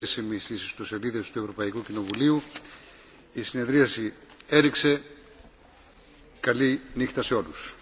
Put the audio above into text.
Επίσημη στι ιστοσελίδε του Ευρωπαϊκού Κοινοβουλίου. Η συνεδρίαση έριξε. Καλή νύχτα σε όλους.